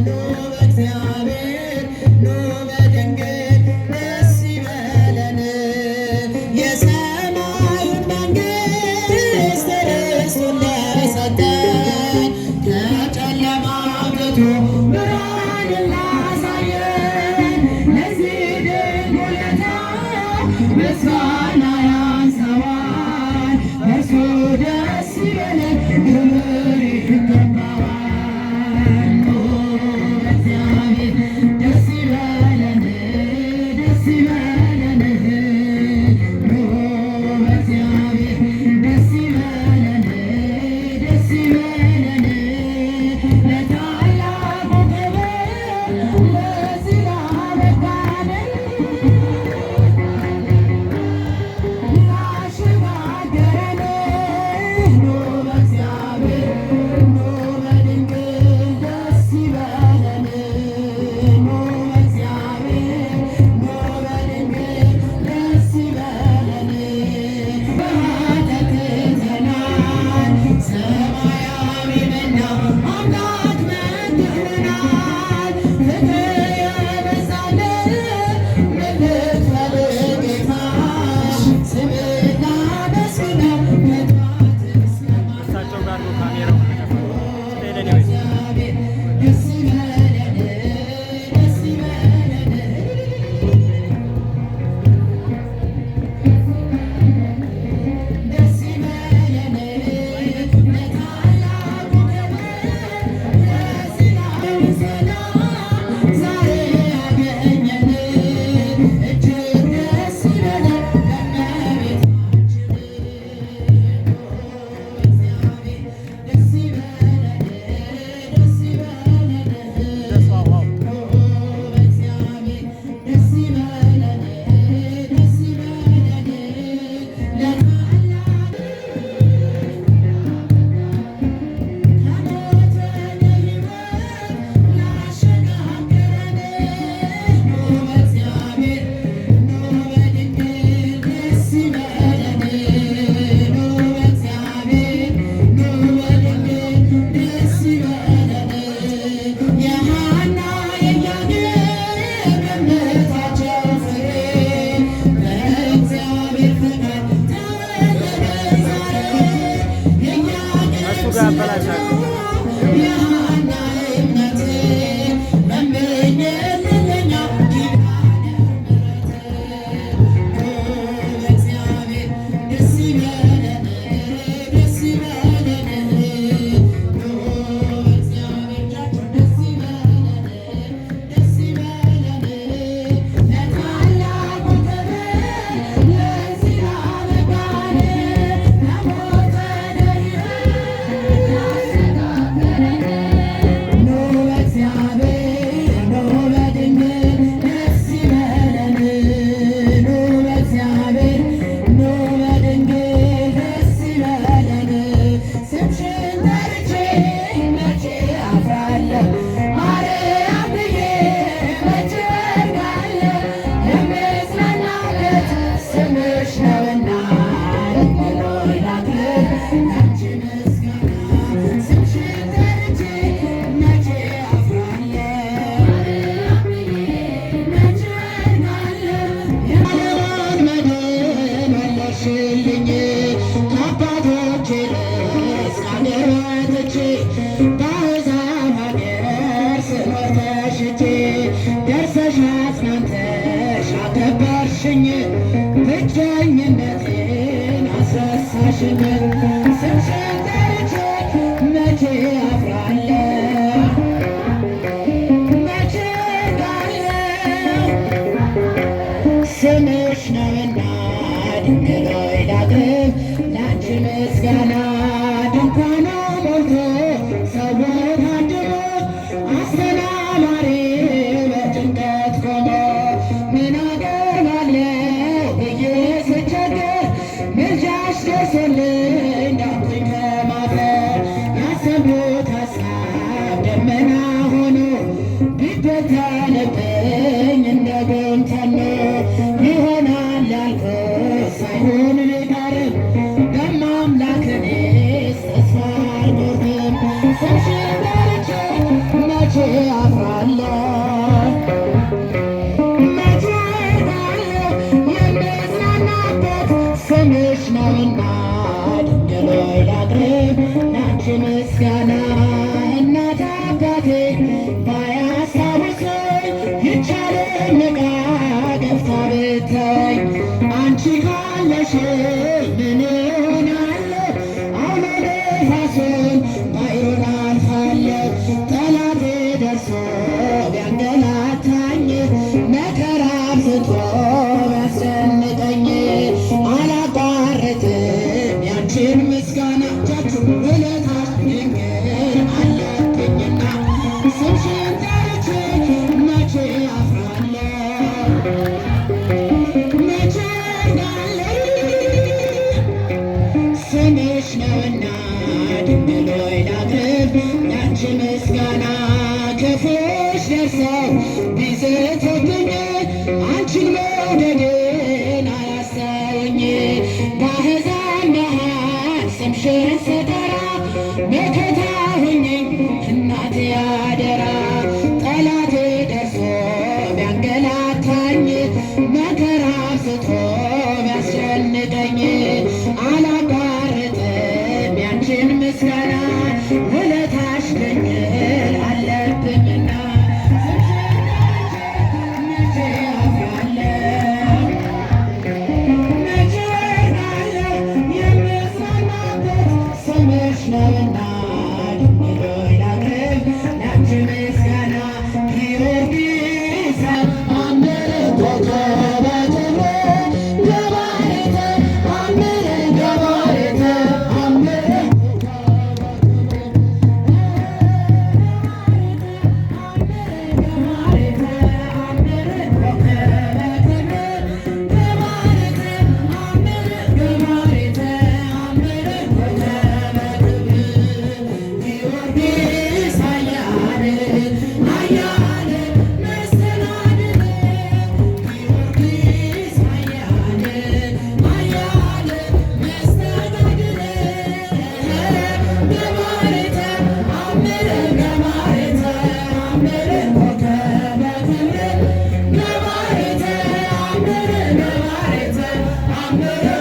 know that Yeah.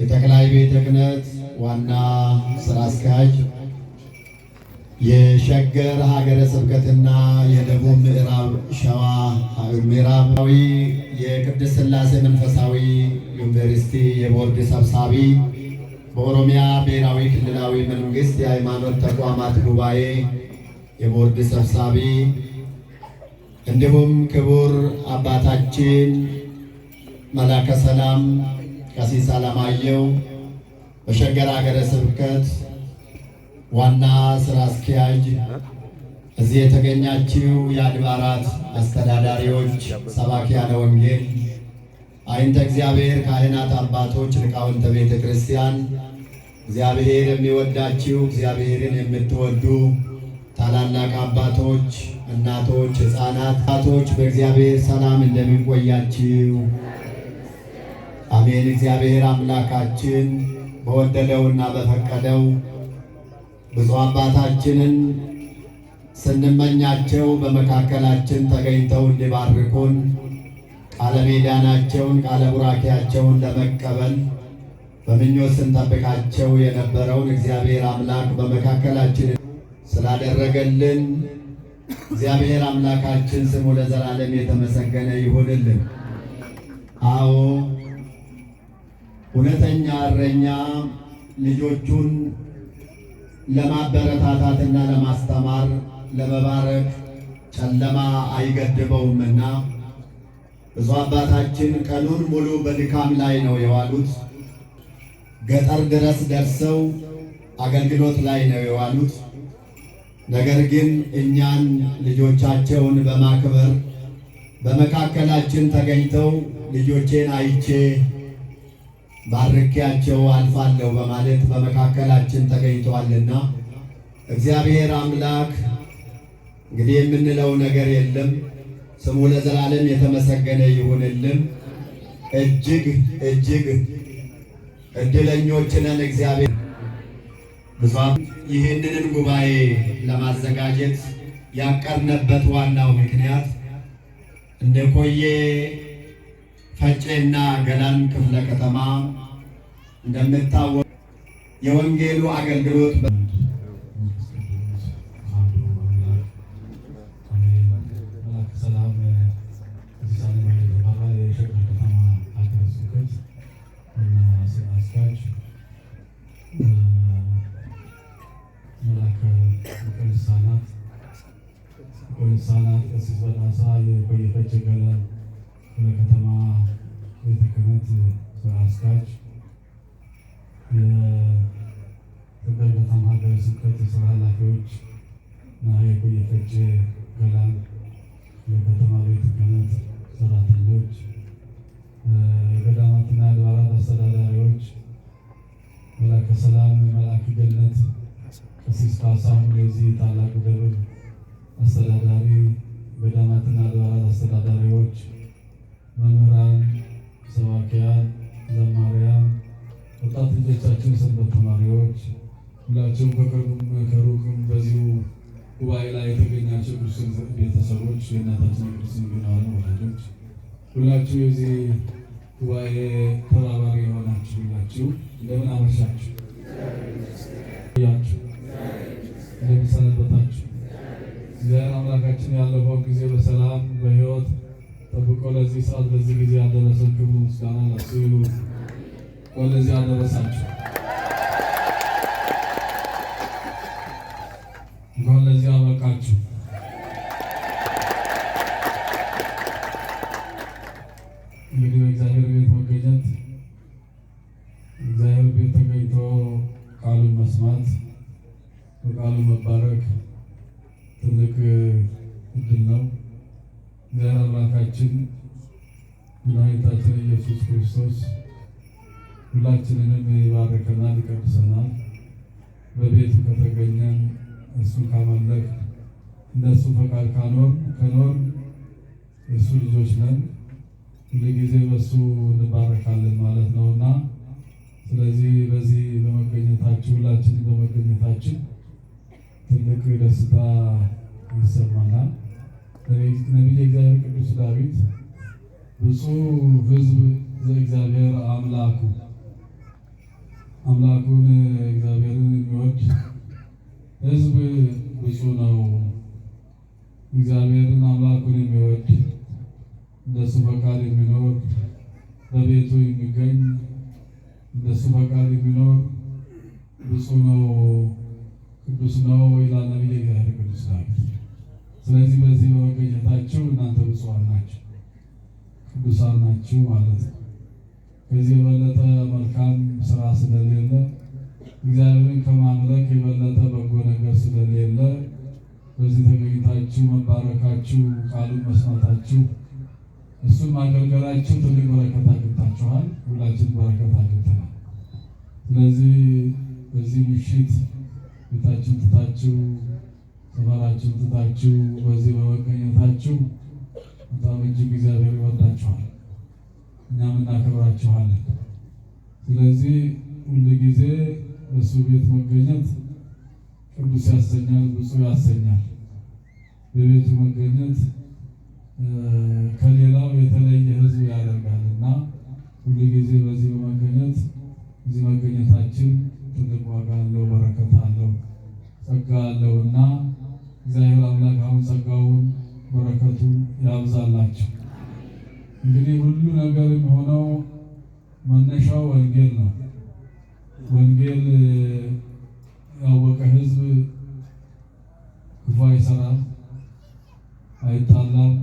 የጠቅላይ ቤተ ክህነት ዋና ስራ አስኪያጅ፣ የሸገር ሀገረ ስብከትና የደቡብ ምዕራብ ሸዋ ምዕራባዊ የቅድስት ስላሴ መንፈሳዊ ዩኒቨርሲቲ የቦርድ ሰብሳቢ፣ በኦሮሚያ ብሔራዊ ክልላዊ መንግስት የሃይማኖት ተቋማት ጉባኤ የቦርድ ሰብሳቢ፣ እንዲሁም ክቡር አባታችን መላከ ሰላም ቀሲስ አለማየሁ በሸገር ሀገረ ስብከት ዋና ስራ አስኪያጅ፣ እዚህ የተገኛችው የአድባራት አስተዳዳሪዎች፣ ሰባኪያነ ወንጌል፣ አይንተ እግዚአብሔር፣ ካህናት፣ አባቶች፣ ሊቃውንተ ቤተ ክርስቲያን እግዚአብሔር የሚወዳችው እግዚአብሔርን የምትወዱ ታላላቅ አባቶች፣ እናቶች፣ ህፃናት፣ አባቶች በእግዚአብሔር ሰላም እንደሚቆያችው አሜን። እግዚአብሔር አምላካችን በወደደውና በፈቀደው ብፁዕ አባታችንን ስንመኛቸው በመካከላችን ተገኝተው እንዲባርኩን ቃለ ሜዳናቸውን ቃለ ቡራኪያቸውን ለመቀበል በምኞት ስንጠብቃቸው የነበረውን እግዚአብሔር አምላክ በመካከላችን ስላደረገልን እግዚአብሔር አምላካችን ስሙ ለዘላለም የተመሰገነ ይሁንልን። አዎ እረኛ ልጆቹን ለማበረታታትና ለማስተማር ለመባረክ ጨለማ አይገድበውምና ብዙ አባታችን ቀኑን ሙሉ በድካም ላይ ነው የዋሉት። ገጠር ድረስ ደርሰው አገልግሎት ላይ ነው የዋሉት። ነገር ግን እኛን ልጆቻቸውን በማክበር በመካከላችን ተገኝተው ልጆቼን አይቼ ባርኬያቸው አልፋለሁ በማለት በመካከላችን ተገኝተዋልና እግዚአብሔር አምላክ እንግዲህ የምንለው ነገር የለም። ስሙ ለዘላለም የተመሰገነ ይሁንልን። እጅግ እጅግ እድለኞች ነን። እግዚአብሔር ብዙም ይህንን ጉባኤ ለማዘጋጀት ያቀርነበት ዋናው ምክንያት እንደ ቆየ ፈጬና ገላን ክፍለ ከተማ እንደምታወቅ የወንጌሉ አገልግሎት ሳናት ቀሲስ በናሳ የቆየፈጭ ገላን የከተማ ቤተ ክህነት ስራ አስኪያጅ፣ የኢትዮጵያ ከተማ ሀገረ ስብከት የስራ ኃላፊዎች እና የቆየፈጅ ገላን የከተማ ቤተ ክህነት ሰራተኞች፣ የገዳማትና አድባራት አስተዳዳሪዎች፣ መላከ ሰላም መላከ ገነት ቀሲስ ካሳሁን የዚህ ታላቁ ደብር አስተዳዳሪ፣ ገዳማትና አድባራት አስተዳዳሪዎች መምህራን፣ ሰባኪያን፣ ዘማሪያን፣ ወጣት ልጆቻችን፣ ሰንበት ተማሪዎች ሁላችሁም ከቅርቡም ከሩቅም በዚሁ ጉባኤ ላይ የተገኛቸው ክርስቲያን ቤተሰቦች የእናታችን የቅድስት ድንግል ማርያም ሁላችሁ የዚህ ጉባኤ ተባባሪ የሆናችሁ ሁላችሁ እንደምን አመሻችሁ? ያችሁ እንደምን ሰነበታችሁ? እግዚአብሔር አምላካችን ያለፈውን ጊዜ በሰላም በህይወት። ጠብቆ ለዚህ ሰዓት ለዚህ ጊዜ ያደረሰን ክብሩ ምስጋና ለሱ ይሁን። ወደዚህ ያደረሳችሁ እንኳን ለዚህ ይሰማናል። ነቢየ እግዚአብሔር ቅዱስ ዳዊት ብፁዕ ሕዝብ ዘእግዚአብሔር አምላኩ አምላኩን እግዚአብሔርን የሚወድ ሕዝብ ብፁዕ ነው። እግዚአብሔርን አምላኩን የሚወድ እንደሱ በቃል የሚኖር በቤቱ የሚገኝ እንደሱ በቃል የሚኖር ብፁዕ ነው ቅዱስ ነው ይላል ነቢየ እግዚአብሔር ቅዱስ ዳዊት። ስለዚህ በዚህ በመገኘታችሁ እናንተ ብፁዓን ናችሁ፣ ቅዱሳን ናችሁ ማለት ነው። ከዚህ የበለጠ መልካም ስራ ስለሌለ እግዚአብሔርን ከማምለክ የበለጠ በጎ ነገር ስለሌለ በዚህ ተገኝታችሁ መባረካችሁ፣ ቃሉን መስማታችሁ፣ እሱን ማገልገላችሁ ትልቅ በረከት አግኝታችኋል። ሁላችን በረከት አግኝተናል። ስለዚህ በዚህ ምሽት ቤታችሁን ትታችሁ ሰፈራችሁን ትታችሁ በዚህ በመገኘታችሁ በጣም እጅግ እግዚአብሔር ይወዳችኋል፣ እኛም እናከብራችኋለን። ስለዚህ ሁል ጊዜ በእሱ ቤት መገኘት ቅዱስ ያሰኛል፣ ብፁዕ ያሰኛል። በቤቱ መገኘት ከሌላው የተለየ ህዝብ ያደርጋል እና ሁል ጊዜ በዚህ በመገኘት እዚህ መገኘታችን ትልቅ ዋጋ አለው፣ በረከት አለው፣ ጸጋ አለው እና እግዚአብሔር አምላክ አሁን ጸጋውን በረከቱን ያብዛላቸው። እንግዲህ ሁሉ ነገር የሚሆነው መነሻው ወንጌል ነው። ወንጌል ያወቀ ሕዝብ ክፉ አይሰራም፣ አይጣላም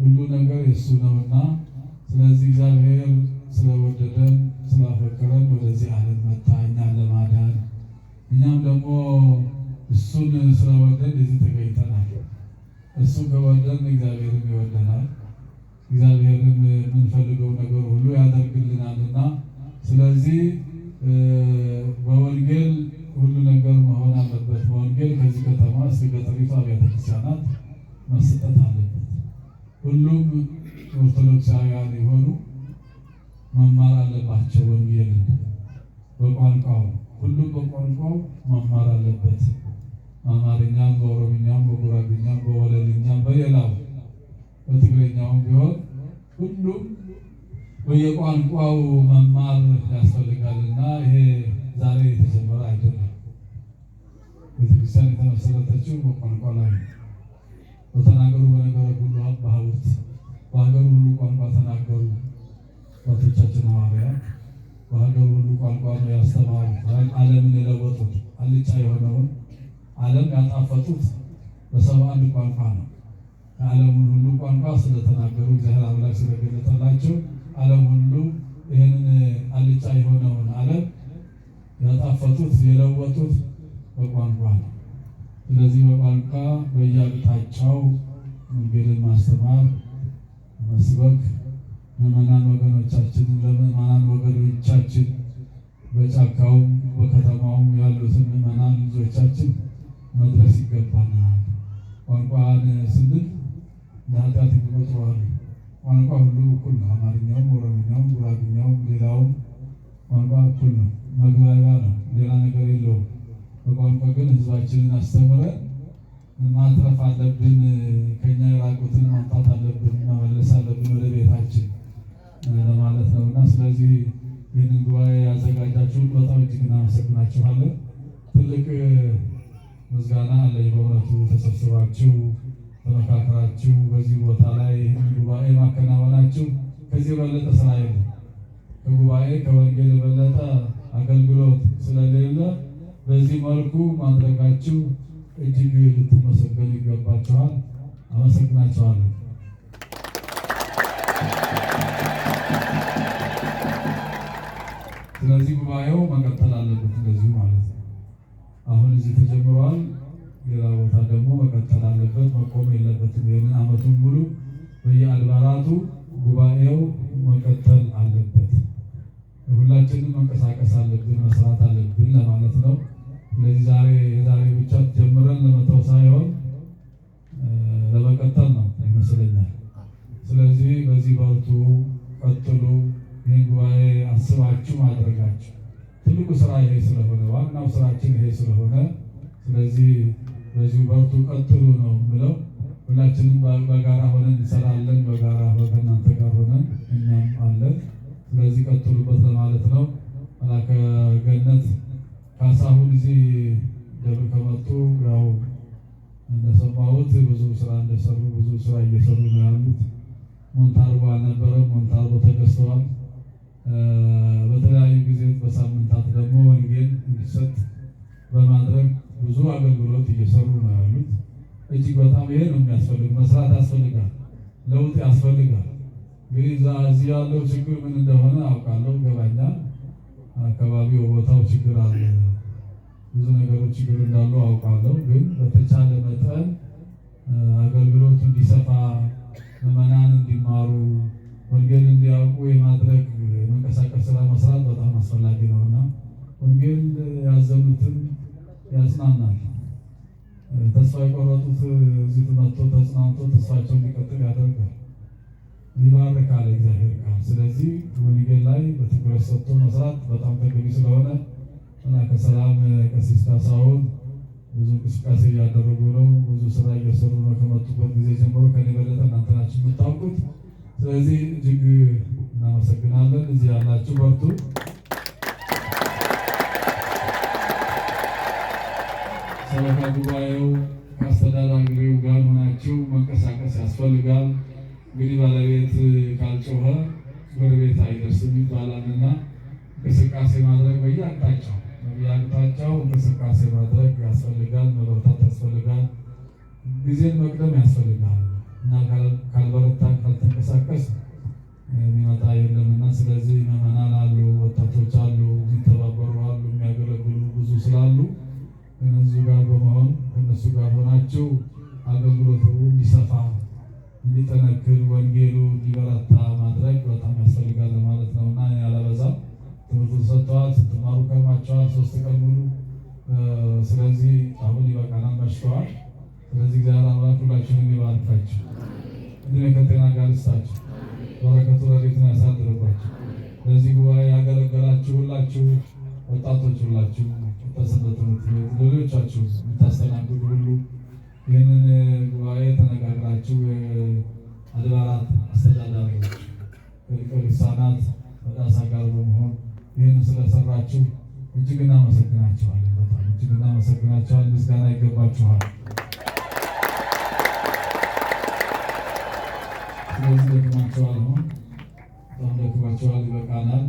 ሁሉ ነገር የእሱ ነውና፣ ስለዚህ እግዚአብሔር ስለወደደን ስላፈቀረን ወደዚህ ዓለም መጣ እኛን ለማዳን። እኛም ደግሞ እሱን ስለወደድ የዚህ ተገኝተናል። እሱ ከወደን እግዚአብሔርም ይወደናል። እግዚአብሔርም የምንፈልገው ነገር ሁሉ ያደርግልናልና ስለዚህ በወንጌል ሁሉ ነገር መሆን አለበት። በወንጌል ከዚህ ከተማ እስከ ገጠሪቷ ቤተክርስቲያናት መስጠት አለበት። ሁሉም ኦርቶዶክሳውያን የሆኑ መማር አለባቸው። ወንጌል በቋንቋው ሁሉም በቋንቋው መማር አለበት። አማርኛም፣ በኦሮምኛም፣ በጉራግኛም፣ በወለልኛም፣ በሌላው በትግረኛውም ቢሆን ሁሉም በየቋንቋው መማር ያስፈልጋልና ይሄ ዛሬ የተጀመረ አይደለም። ቤተክርስቲያን የተመሰረተችው በቋንቋ ላይ በተናገሩ በነገረ ሁሉ አብ በሀገሩ ሁሉ ቋንቋ ተናገሩ። አባቶቻችን ሐዋርያት በሀገሩ ሁሉ ቋንቋ ነው ያስተማሩ፣ ዓለምን የለወጡት አልጫ የሆነውን ዓለም ያጣፈጡት በሰባ አንድ ቋንቋ ነው። ከዓለሙን ሁሉ ቋንቋ ስለተናገሩ እግዚአብሔር አምላክ ስለገለጠላቸው ዓለም ሁሉ ይህንን አልጫ የሆነውን ዓለም ያጣፈጡት የለወጡት በቋንቋ ነው። ስለዚህ በቋንቋ በየአቅጣጫው ወንጌልን ማስተማር መስበክ ምዕመናን ወገኖቻችን ለምዕመናን ወገኖቻችን በጫካውም በከተማውም ያሉትን ምዕመናን ልጆቻችን መድረስ ይገባናል። ቋንቋን ስንል ለኃጢአት ይቆጥረዋል። ቋንቋ ሁሉ እኩል ነው። አማርኛውም፣ ኦሮምኛውም፣ ጉራግኛውም ሌላውም ቋንቋ እኩል ነው። መግባቢያ ነው። ሌላ ነገር የለውም። በቋንቋ ግን ህዝባችንን አስተምረን ማትረፍ አለብን። ከኛ የራቁትን ማምጣት አለብን፣ መመለስ አለብን ወደ ቤታችን ለማለት ነው እና ስለዚህ ይህንን ጉባኤ ያዘጋጃችሁን በጣም እጅግ እናመሰግናችኋለን። ትልቅ ምስጋና አለኝ በእውነቱ ተሰብስባችሁ በመካከላችሁ በዚህ ቦታ ላይ ጉባኤ ማከናወናችሁ ከዚህ የበለጠ ስራ የለም። ከጉባኤ ከወንጌል የበለጠ አገልግሎት ስለሌለ በዚህ መልኩ ማድረጋችሁ እጅግ ልትመሰገኑ ይገባችኋል። አመሰግናችኋለሁ። ስለዚህ ጉባኤው መቀጠል አለበት እንደዚሁ ማለት ነው። አሁን እዚህ ተጀምረዋል፣ ሌላ ቦታ ደግሞ መቀጠል አለበት፣ መቆም የለበትም። ይህንን አመቱን ሙሉ በየአድባራቱ ጉባኤው መቀጠል አለበት። ሁላችንም መንቀሳቀስ አለብን፣ መስራት አለብን ለማለት ነው። ስለዚህ ዛሬ የዛሬ ብቻ ጀምረን ለመተው ሳይሆን ለመቀጠል ነው ይመስለኛል። ስለዚህ በዚህ በርቱ፣ ቀጥሉ። ይህ ጉባኤ አስባችሁ ማድረጋችሁ ትልቁ ስራ ይሄ ስለሆነ ዋናው ስራችን ይሄ ስለሆነ ስለዚህ በዚሁ በርቱ፣ ቀጥሉ ነው ብለው ሁላችንም በጋራ ሆነን እንሰራለን። በጋራ ከእናንተ ጋር ሆነን እኛም አለን። ስለዚህ ቀጥሉበት ለማለት ነው። መላከ ገነት ካሳሁን እዚህ ደብር ከመጡ ያው እንደሰማሁት ብዙ ስራ እንደሰሩ ብዙ ስራ እየሰሩ ነው ያሉት። ሞንታርቦ አልነበረም፣ ሞንታርቦ ተገዝተዋል። በተለያዩ ጊዜ በሳምንታት ደግሞ ወንጌል እንዲሰጥ በማድረግ ብዙ አገልግሎት እየሰሩ ነው ያሉት። እጅግ በጣም ይሄ ነው የሚያስፈልግ፣ መስራት ያስፈልጋል፣ ለውጥ ያስፈልጋል። እንግዲህ እዚህ ያለው ችግር ምን እንደሆነ አውቃለሁ፣ ገባኛል አካባቢው ቦታው ችግር አለ፣ ብዙ ነገሮች ችግር እንዳሉ አውቃለሁ። ግን በተቻለ መጠን አገልግሎት እንዲሰፋ ምዕመናን እንዲማሩ ወንጌል እንዲያውቁ የማድረግ የመንቀሳቀስ ስራ መስራት በጣም አስፈላጊ ነው እና ወንጌል ያዘኑትን ያጽናናል። ተስፋ የቆረጡት እዚህ መጥቶ ተጽናንቶ ተስፋቸው እንዲቀጥል ያደርጋል። ይባርካል እግዚአብሔር ቃል። ስለዚህ ወንጌል ላይ በትኩረት ሰጥቶ መስራት በጣም ተገቢ ስለሆነ እና ከሰላም ቀሲስ ካሳሁን ብዙ እንቅስቃሴ እያደረጉ ነው። ብዙ ስራ እየሰሩ ነው። ከመጡበት ጊዜ ጀምሮ ከኔ በለጠ እናንተ ናችሁ የምታውቁት። ስለዚህ እጅግ እናመሰግናለን። እዚህ ያላችሁ በርቱ። ሰበካ ጉባኤው ከአስተዳዳሪው ጋር ሆናችሁ መንቀሳቀስ ያስፈልጋል። እንግዲህ ባለቤት ካልጮኸ ጎረቤት አይደርስም ይባላልና እንቅስቃሴ ማድረግ በየአቅጣጫው በየአቅጣጫው እንቅስቃሴ ማድረግ ያስፈልጋል። መለውጣት ያስፈልጋል። ጊዜን መቅደም ያስፈልጋል እና ካልበረታ ካልተንቀሳቀስ የሚመጣ የለምና ስለዚህ መመናል አሉ ወጣ ስለዚህ ደክማችኋል፣ አሁን በጣም ደክማችኋል፣ ይበቃናል።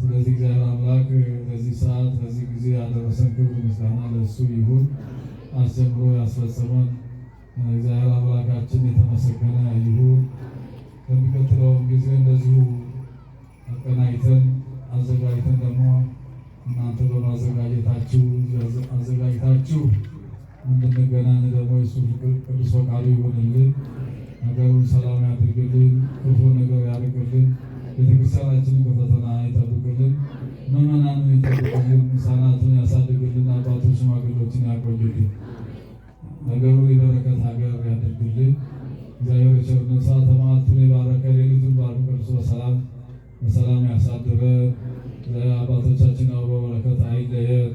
ስለዚህ እግዚአብሔር አምላክ ለዚህ ሰዓት ለዚህ ጊዜ ያደረሰን ክብር ምስጋና ለእሱ ይሁን። አስጀምሮ ያስፈጸመን እግዚአብሔር አምላካችን የተመሰገነ ይሁን። በሚቀጥለውም ጊዜ እንደዚሁ አቀናይተን አዘጋጅተን ደግሞ እናንተ በማዘጋጀታችሁ አዘጋጅታችሁ እንደገናን ደግሞ የሱ ፍቅር ቅዱስ ፈቃዱ ይሆንልን፣ ነገሩን ሰላም ያድርግልን፣ ክፉ ነገር ያድርግልን፣ ቤተክርስቲያናችንን ከፈተና ይጠብቅልን፣ ምዕመናንን ይጠብቅልን፣ ሕፃናቱን ያሳድግልን፣ አባቶች ሽማግሎችን ያቆይልን፣ ነገሩ የበረከት ሀገር ያድርግልን። እግዚአብሔር ቸርነት ሰዓተ መዓልቱን የባረከ ሌሊቱን ባርኮ ቀድሶ በሰላም በሰላም ያሳድረን። አባቶቻችን አብሮ በረከት አይለየን።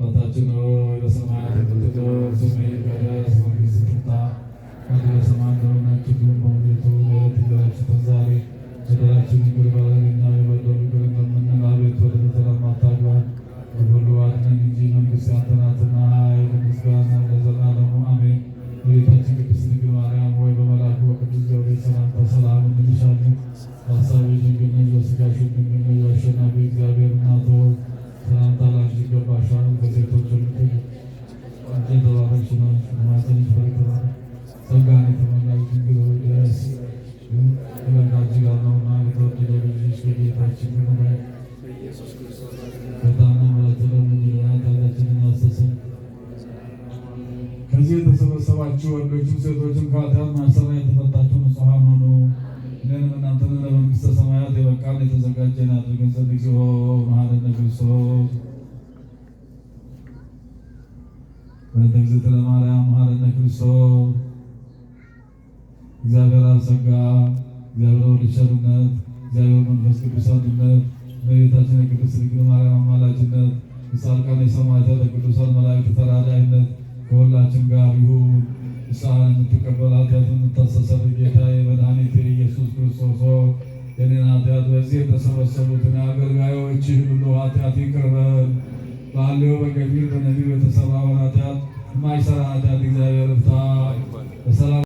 አባታችን ሆይ በሰማያት የምትኖር ስምህ ይቀደስ፣ መንግስትህ ትምጣ፣ በሰማይ እንደሆነችው በምድር ትሁን። በደላችንን ይቅር በለን ወንዶችም ሴቶችም ከኃጢአት ማሰሪያ የተፈታችሁ ንጹሐን ሁኑ። እኔንም እናንተን ለመንግሥተ ሰማያት የበቃን የተዘጋጀን አድርገን። እግዚኦ መሐረነ ክርስቶስ በእንተ እግዝእትነ ማርያም መሐረነ ክርስቶስ። እግዚአብሔር አብ ጸጋ፣ እግዚአብሔር ወልድ ቸርነት፣ እግዚአብሔር መንፈስ ቅዱስ አንድነት፣ እመቤታችን የቅድስት ድንግል ማርያም አማላጅነት፣ የጻድቃን የሰማዕታት የቅዱሳን መላእክት ተራዳኢነት ከሁላችን ጋር ይሁን። ንስሐን የምትቀበል ኃጢአት የምታስተሰርይ ጌታ የመድኃኒት ኢየሱስ ክርስቶስ የኔን ኃጢአት በዚህ የተሰበሰቡትን አገልጋዮችህን ሁሉ ኃጢአት ይቅር በል። ባለው በገቢር በነቢብ የተሰራውን ኃጢአት የማይሰራ ኃጢአት እግዚአብሔር ፍታ።